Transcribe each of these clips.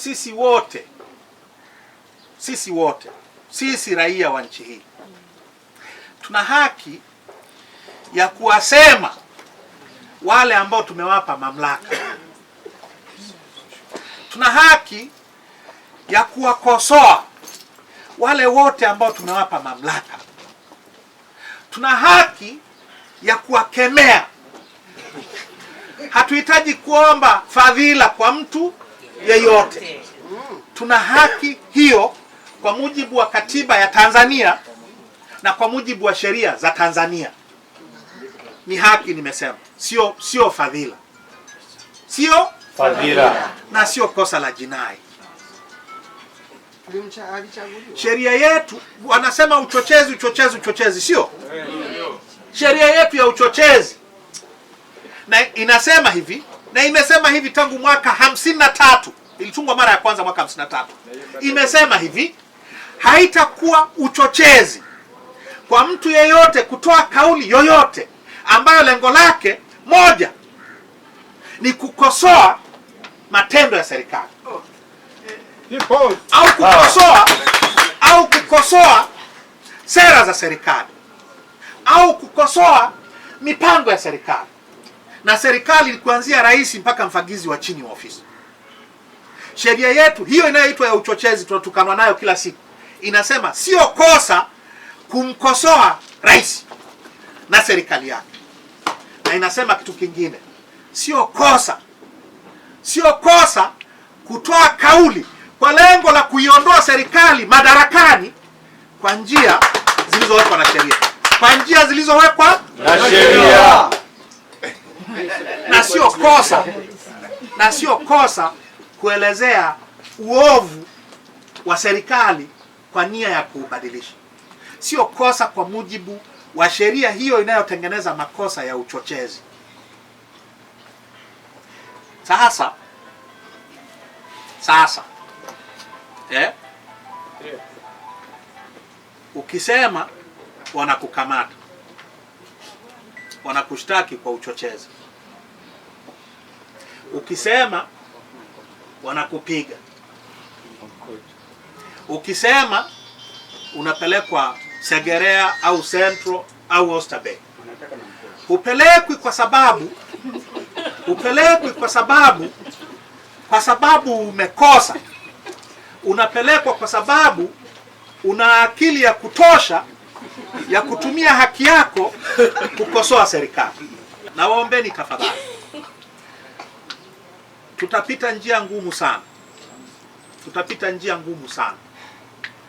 sisi wote, sisi wote, sisi raia wa nchi hii tuna haki ya kuwasema wale ambao tumewapa mamlaka. Tuna haki ya kuwakosoa wale wote ambao tumewapa mamlaka. Tuna haki ya kuwakemea. Hatuhitaji kuomba fadhila kwa mtu yeyote. Tuna haki hiyo kwa mujibu wa katiba ya Tanzania na kwa mujibu wa sheria za Tanzania. Ni haki, nimesema, sio sio fadhila, sio fadhila na sio kosa la jinai. Sheria yetu wanasema uchochezi, uchochezi, uchochezi, sio sheria yetu ya uchochezi na inasema hivi na imesema hivi tangu mwaka hamsini na tatu ilitungwa mara ya kwanza mwaka hamsini na tatu imesema hivi haitakuwa uchochezi kwa mtu yeyote kutoa kauli yoyote ambayo lengo lake moja ni kukosoa matendo ya serikali au kukosoa au kukosoa sera za serikali au kukosoa mipango ya serikali na serikali kuanzia rais mpaka mfagizi wa chini wa ofisi. Sheria yetu hiyo inayoitwa ya uchochezi, tunatukanwa nayo kila siku, inasema sio kosa kumkosoa rais na serikali yake, na inasema kitu kingine, sio kosa, sio kosa kutoa kauli kwa lengo la kuiondoa serikali madarakani kwa njia zilizowekwa na sheria, kwa njia zilizowekwa na sheria kosa na sio kosa kuelezea uovu wa serikali kwa nia ya kuubadilisha. Sio kosa kwa mujibu wa sheria hiyo inayotengeneza makosa ya uchochezi. Sasa sasa eh? Ukisema wanakukamata wanakushtaki kwa uchochezi Ukisema wanakupiga, ukisema unapelekwa Segerea au Central au Oysterbay. upelekwi kwa sababu upelekwi kwa sababu kwa sababu umekosa, unapelekwa kwa sababu una akili ya kutosha ya kutumia haki yako kukosoa serikali. Nawaombeni tafadhali tutapita njia ngumu sana, tutapita njia ngumu sana.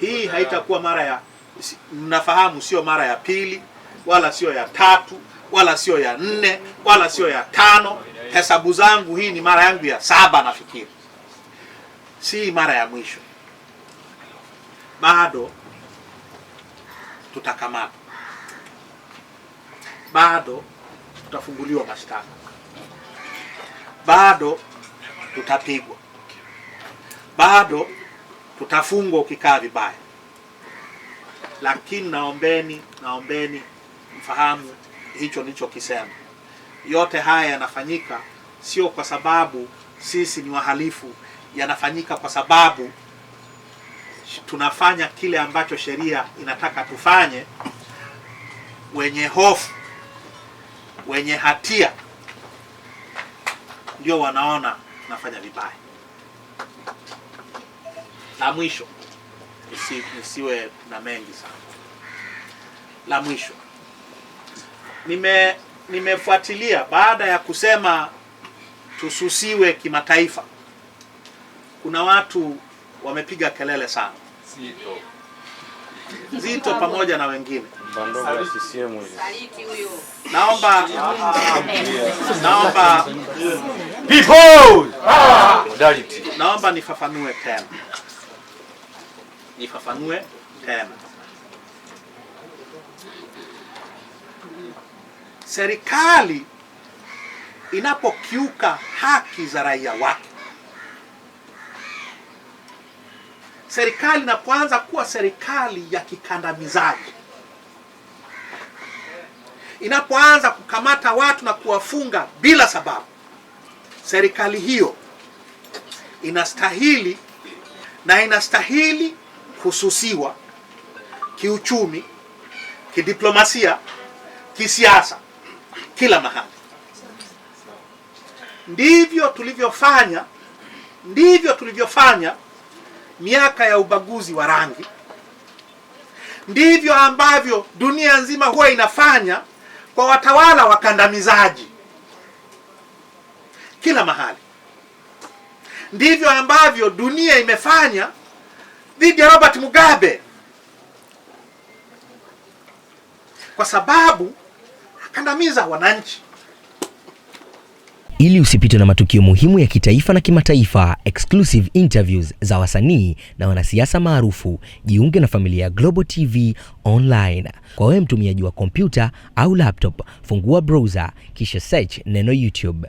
Hii haitakuwa mara ya, mnafahamu, sio mara ya pili wala sio ya tatu wala sio ya nne wala sio ya tano. Hesabu zangu hii ni mara yangu ya saba nafikiri, si mara ya mwisho. Bado tutakamata, bado tutafunguliwa mashtaka, bado tutapigwa, bado tutafungwa ukikaa vibaya. Lakini naombeni, naombeni mfahamu hicho nilichokisema. Yote haya yanafanyika sio kwa sababu sisi ni wahalifu, yanafanyika kwa sababu tunafanya kile ambacho sheria inataka tufanye. Wenye hofu, wenye hatia ndio wanaona nafanya vibaya. La mwisho nisi, nisiwe na mengi sana. La mwisho nime nimefuatilia baada ya kusema tususiwe kimataifa, kuna watu wamepiga kelele sana Zito, Zito pamoja na wengine. Naomba naomba people. Naomba nifafanue tena, nifafanue tena. Serikali inapokiuka haki za raia wake, serikali inapoanza kuwa serikali ya kikandamizaji, inapoanza kukamata watu na kuwafunga bila sababu Serikali hiyo inastahili na inastahili kususiwa kiuchumi, kidiplomasia, kisiasa, kila mahali. Ndivyo tulivyofanya, ndivyo tulivyofanya miaka ya ubaguzi wa rangi, ndivyo ambavyo dunia nzima huwa inafanya kwa watawala wakandamizaji kila mahali. Ndivyo ambavyo dunia imefanya dhidi ya Robert Mugabe, kwa sababu akandamiza wananchi. Ili usipitwe na matukio muhimu ya kitaifa na kimataifa, exclusive interviews za wasanii na wanasiasa maarufu, jiunge na familia ya Global TV Online. Kwa wewe mtumiaji wa kompyuta au laptop, fungua browser kisha search neno YouTube.